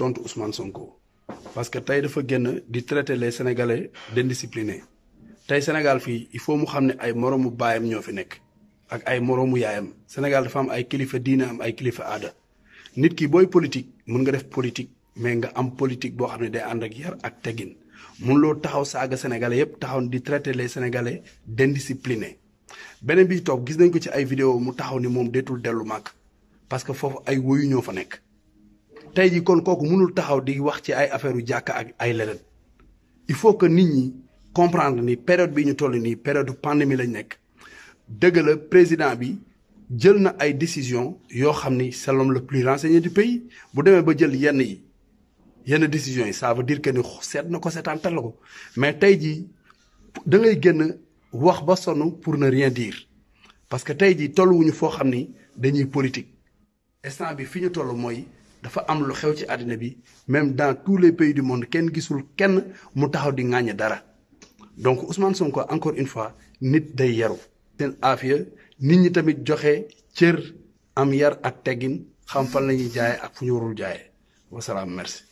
tontu Ousmane Sonko parce que tey dafa génn di traiter les sénégalais d'indisciplinés tey Sénégal fii il faut mu xam ne ay moroomu baayam ñoo fi nekk ak ay moroomu yaayam Sénégal dafa am ay kilifa diine am ay kilifa aada nit ki booy politique mun nga def politique mais nga am politique boo xam ne day ànd ak yar ak teggin mun loo taxaw saaga sénégalais yépp taxaw di traiter les sénégalais d'indisciplinés beneen bi toog gis nañ ko ci ay vidéo mu taxaw ni moom deetul dellu màkk parce que foofu ay woyu ñoo fa nekk. tey ji kon kooku mënul taxaw di wax ci ay affaire u jàkka ak ay leneen il faut que nit ñi comprendre ni période bi ñu toll nii période pandémie lañ nekk dëgg président bi jël na ay décision yoo xam ni c'est l'homme le plus renseigné du pays bu demee ba jël yenn yi yenn décisions yi ça veut dire que ni seet na ko seetaantal la ko mais tey jii da ngay génn wax ba sonn pour ne rien dire parce que tey jii tolluwuñu foo xam ni dañuy politique instant bi fi ñu toll mooy dafa am lu xew ci àddina bi même dans tous les pays du monde kenn gisul kenn mu taxaw di ŋàññe dara donc son ko encore une fois nit day yaru seen aafiya nit ñi tamit joxe cër am yar ak teggin xam fan la ñuy jaaye ak fu ñu warul jaaye wasalaam merci